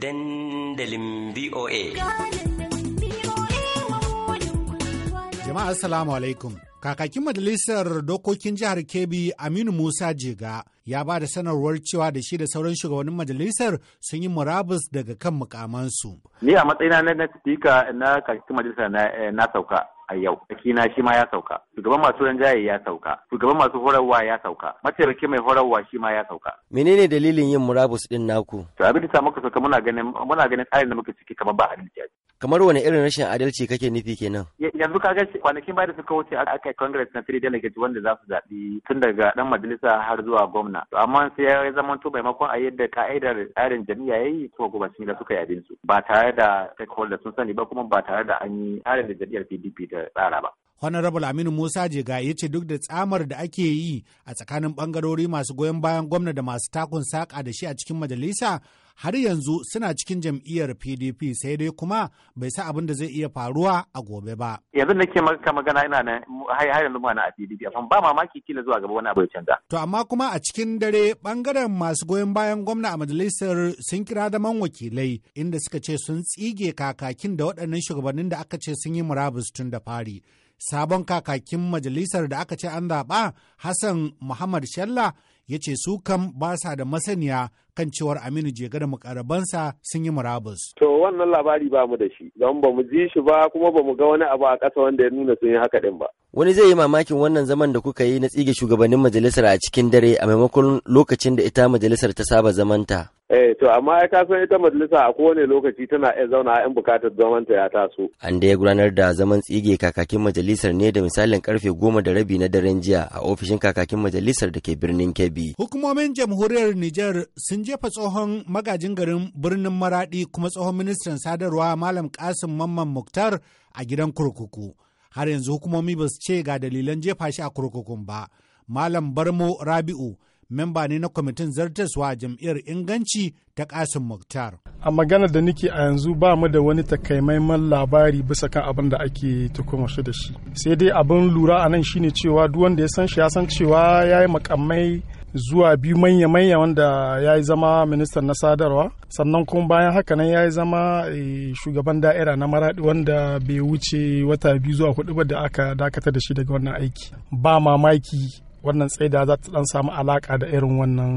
dandalin VOA. Jama'a Assalamu alaikum. Kakakin Majalisar Dokokin Jihar Kebbi Aminu Musa Jega ya ba da sanarwar cewa da shi da sauran shugabannin majalisar sun yi murabus daga kan mukamansu. Ni a matsayina na spika na kakakin Majalisar na eh, sauka. a yau kina shi ma ya sauka shugaban masu ranjaye ya sauka shugaban masu horarwa ya sauka mataimaki mai horarwa shi ma ya sauka menene dalilin yin murabus din naku to abin da sa muka sauka muna ganin muna ganin tsarin da muke ciki kamar ba adalci kamar wani irin rashin adalci kake nufi kenan yanzu ka ga kwanakin baya da suka wuce aka yi congress na three delegates wanda za su zaɓi tun daga dan majalisa har zuwa gwamna amma sai ya zama to maimakon a yadda ka'idar tsarin jami'a ya yi to gwamnati da suka yi abin su ba tare da stakeholder sun sani ba kuma ba tare da an yi tsarin da jami'ar PDP ta tsara ba Honorable Aminu Musa Jega ya ce duk da tsamar da ake yi a tsakanin bangarori masu goyon bayan gwamna da masu takun saka da shi a cikin majalisa har yanzu suna cikin jam'iyyar PDP sai dai kuma bai sa abin da zai iya faruwa a gobe ba. Yanzu nake maka magana ina nan har yanzu mana a PDP amma ba mamaki kila zuwa gaba wani abu ya canza. To amma kuma a cikin dare bangaren masu goyon bayan gwamna a majalisar sun kira da man wakilai inda suka ce sun tsige kakakin da waɗannan shugabannin da aka ce sun yi murabus tun da fari. Sabon kakakin majalisar da aka ce an zaɓa Hassan Muhammad Shalla ya ce su kam ba sa da masaniya kan cewar Aminu Jega da mukarabansa sun yi murabus. To wannan labari ba mu da shi don ba mu ji shi ba kuma ba mu ga wani abu a ƙasa wanda ya nuna sun yi haka din ba. Wani zai yi mamakin wannan zaman da kuka yi na tsige shugabannin majalisar a cikin dare a maimakon lokacin da ita majalisar ta saba zamanta. Eh, to amma ya kasan ita majalisa a kowane lokaci tana iya zauna 'yan bukatar zaman ta ya taso. An da ya gudanar da zaman tsige kakakin majalisar ne da misalin karfe goma da rabi na daren jiya a ofishin kakakin majalisar da ke birnin Kebbi. Hukumomin jamhuriyar Nijar sun jefa tsohon magajin garin birnin Maradi kuma tsohon ministan sadarwa Malam Kasim Mamman Muktar a gidan kurkuku. Har yanzu hukumomi ba su ce ga dalilan jefa shi a kurkukun ba. Malam Barmo Rabi'u memba ne na kwamitin zartaswa a jam'iyyar inganci ta kasin muktar a magana da nake a yanzu ba mu da wani takaimaiman labari bisa kan abin da ake tukuma shi da shi sai dai abin lura a nan shine cewa duk wanda ya san shi ya san cewa ya yi makamai zuwa biyu manya-manya wanda ya yi zama ministan na sadarwa sannan kuma bayan haka nan ya yi zama eh, shugaban da'ira na maraɗi wanda bai wuce wata biyu zuwa hudu ba da aka dakatar da shi daga wannan aiki ba mamaki wannan tsaida za ta dan samu alaka da irin wannan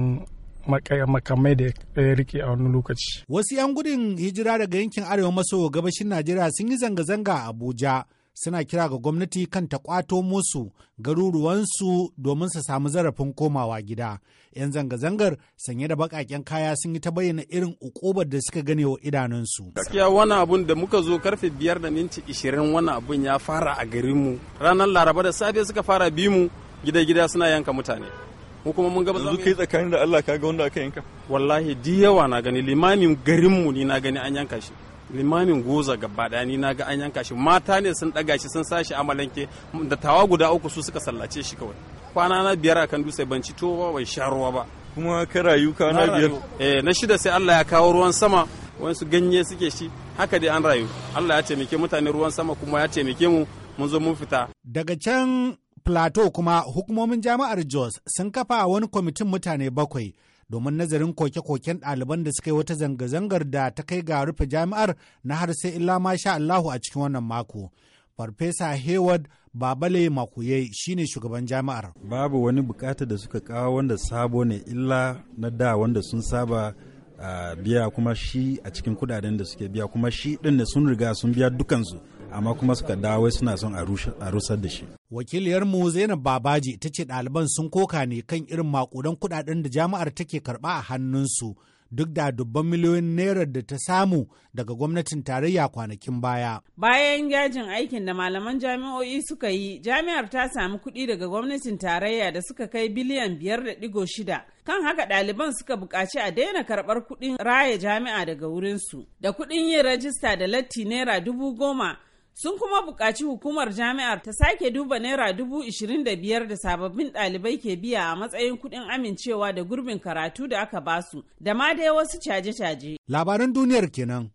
makamai da ya rike a wani lokaci. Wasu 'yan gudun hijira daga yankin arewa maso gabashin Najeriya sun yi zanga-zanga a Abuja suna kira ga gwamnati kan ta kwato musu garuruwansu domin su samu zarafin komawa gida. 'Yan zanga-zangar sanye da bakaken kaya sun yi ta bayyana irin ukobar da suka gane wa idanunsu. Gaskiya wani abun da muka zo karfe biyar da minti ishirin wani abun ya fara a garinmu. Ranar Laraba da safe suka fara bi mu gida-gida suna yanka mutane mu kuma mun gaba. yanzu kai tsakanin da Allah kaga wanda aka yanka wallahi di yawa na gani limamin garinmu ni na gani an yanka shi limamin goza gaba daya ni na ga an yanka shi mata ne sun daga shi sun sashi amalanke da tawa guda uku su suka sallace shi kawai kwana na biyar akan dutse ban ci towa bai ban sha ruwa ba kuma ka rayu kwana biyar eh na shida sai Allah ya kawo ruwan sama wasu ganye suke shi haka dai an rayu Allah ya taimake mutane ruwan sama kuma ya taimake mu mun zo mun fita daga can Plateau kuma hukumomin jami'ar Jos sun kafa wani kwamitin mutane bakwai domin nazarin koke-koken ɗaliban da suka yi wata zanga-zangar da ta kai ga rufe jami'ar na har sai illa ma sha Allahu a cikin wannan mako. Farfesa Hayward Babale Makuye shine shugaban jami'ar. Babu wani bukata da suka kawo wanda sabo ne illa na da wanda sun saba a biya kuma shi a cikin kudaden da suke biya kuma shi din da sun riga sun biya dukansu amma kuma suka dawo suna son a rusar da shi. wakiliyar mu Zainab Babaji ta ce ɗaliban sun koka ne kan irin makudan kudaden da jama'ar take karɓa a hannunsu duk da dubban miliyoyin naira da ta samu daga gwamnatin tarayya kwanakin baya. Bayan yajin aikin da malaman jami'o'i suka yi, jami'ar ta samu kuɗi daga gwamnatin tarayya da suka kai biliyan biyar da digo shida. Kan haka ɗaliban suka buƙaci a daina karɓar kuɗin raya jami'a daga wurinsu, da kuɗin yin rajista da latti naira dubu goma sun kuma buƙaci hukumar jami'ar ta sake duba naira dubu ishirin da biyar da sababbin ɗalibai ke biya a matsayin kuɗin amincewa da gurbin karatu da aka basu da ma dai wasu caje-caje. Labaran duniyar kenan.